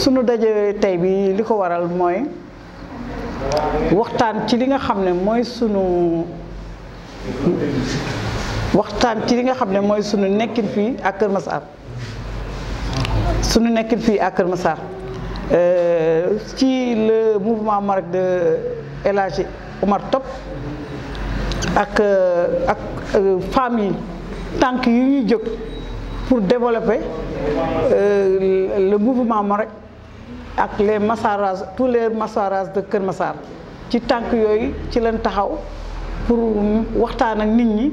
sunu daje tey bi li ko waral mooy waxtaan ci li nga xam ne mooy sunu waxtaan ci li nga xam ne mooy sunu nekkin fii ak Kër Massar sunu nekkin fii ak Kër Massar euh, ci le mouvement Marak de El Hadji Omar Top ak euh, ak euh, femmes yi tànk yi ñuy jóg pour développer le mouvement Marak ak les massarages tous les massarages de Kër Massar ci tànk yooyu ci leen taxaw pour waxtaan ak nit ñi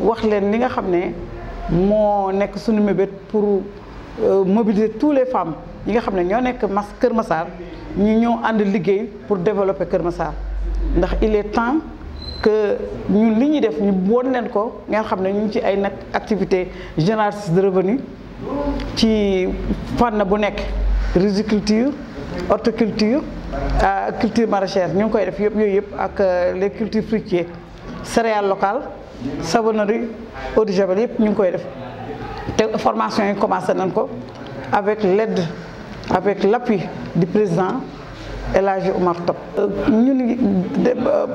wax leen li nga xam ne moo nekk suñu mébét pour euh, mobiliser tous les femmes yi nga xam ne ñoo nekk mas Kër Massar ñu ñëw ànd liggéey pour développer Kër Massar ndax il est temps que ñun li ñuy def ñu won leen ko nga xam ne ñu ngi ci ay nag activité génératrice de revenu ci fànn bu nekk riziculture horticulture euh, culture maraîchère Nous avons koy def euh, les cultures fruitières, céréales locales savonnerie eau de javel nous avons fait koy formation commencé avec l'aide avec l'appui du président l'âge Hadji Omar Top Nous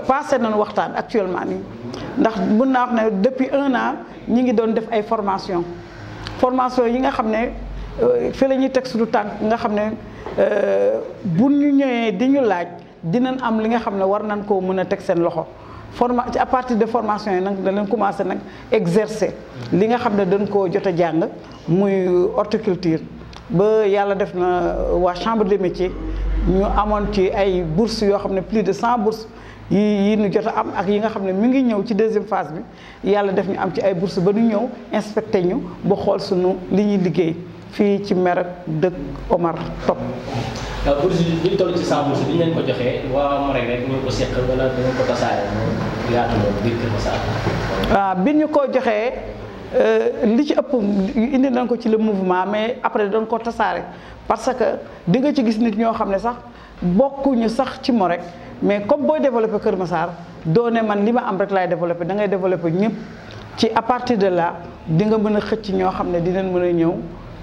passons passé nañ actuellement depuis un an nous ngi des formations. ay formation formation Euh, fi la ñuy teg suñu tànk nga xam ne euh, bu ñu ñëwee di ñu laaj dinañ am li nga xam ne war nañ koo mën a teg seen loxo forma à partir de formation yi nag danañ commencé nag exercer li nga xam ne dañ koo jot a jàng muy horticulture ba yàlla def na euh, waa chambre des métiers ñu amoon ci ay bourses yoo xam ne plus de cent bourses yi yi ñu jot a am ak yi nga xam ne mi ngi ñëw ci deuxième phase bi yàlla def ñu am ci ay bourses ba ñu ñëw inspecté ñu ba xool sunu li ñuy liggéey fii ci mer ak dëkk Omar Top. bourse bi ñu toll ci saa bourse bi ñu leen ko joxe waa Marek rek ñu ko seq wala dañu ko tasaare ah, bi ñu ko joxee euh, li ci ëpp indi nañ ko ci le mouvement mais après doon ko tasaare parce que di nga ci gis nit ñoo xam ne sax bokkuñu sax ci Marek mais comme booy développé Kër Massar doo ne man li ma am rek laay développé da ngay développé ñëpp ci à partir de la di nga mën a xëcc ñoo xam ne dinañ mën a ñëw.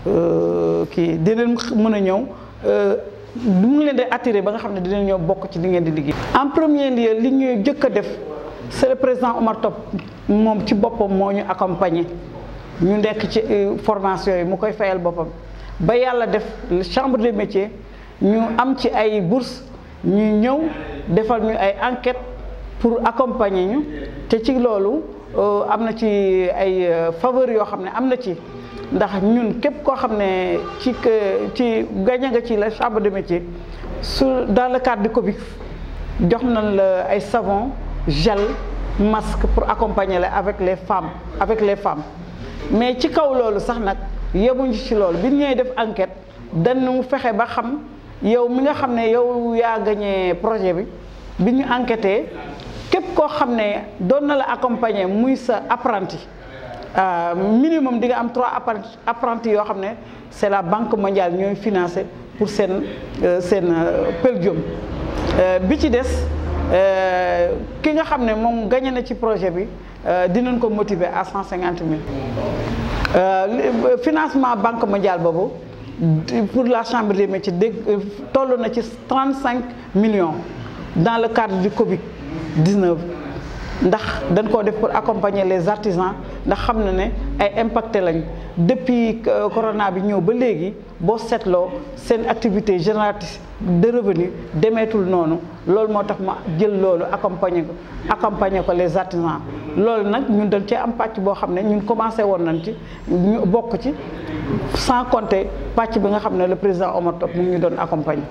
Euh, kii dina leen mën a ñëw du euh, mu leen de attiré ba nga xam ne dinañ ñëw bokk ci li ngeen di liggéey. en premier lieu li ñuy jëkk a def c'est le président Omar Top moom ci boppam moo ñu accompagner ñu nekk ci euh, formation yi mu koy fayal boppam ba yàlla def chambre de métier ñu am ci ay bourse ñu ñëw defal ñu ay enquête pour accompagner ñu te ci loolu am na ci ay faveur yoo xam ne am na ci. ndax ñun képp koo xam ne ci ci gagné nga ci la chambre de métier su dans le cadre du Covid jox nañ la ay savon gel masque pour accompagner la avec les femmes avec les femmes mais ci kaw loolu sax nag yemuñu ci loolu bi ñuy def enquête dañu fexe ba xam yow mi nga xam ne yow yaa gagné projet bi bi ñu enquêté képp koo xam ne doon na la accompagner muy sa apprenti euh, minimum diga trois apprentis c'est la banque mondiale ñoy financé pour sen seen euh, euh, pël bi ci qui ki gagné na ci projet bi dinañ ko motiver à 150 000. Le financement banque mondiale pour la chambre des métiers de 35 na millions dans le cadre du Covid 19 ndax dañ pour accompagner les artisans ndax xamna né ay impacté lañ depuis euh, corona bi ñëw ba légui bo seetloo sen activité génératrice de revenus, demeetul nonu lool motax ma jël loolu accompagner ko accompagner ko les artisans lool nak ñun dal ci am patch bo xamné ñun commencé won nañ ci bok ci sans compter patch bi nga xamné le président Omar Top mu ngi don accompagner.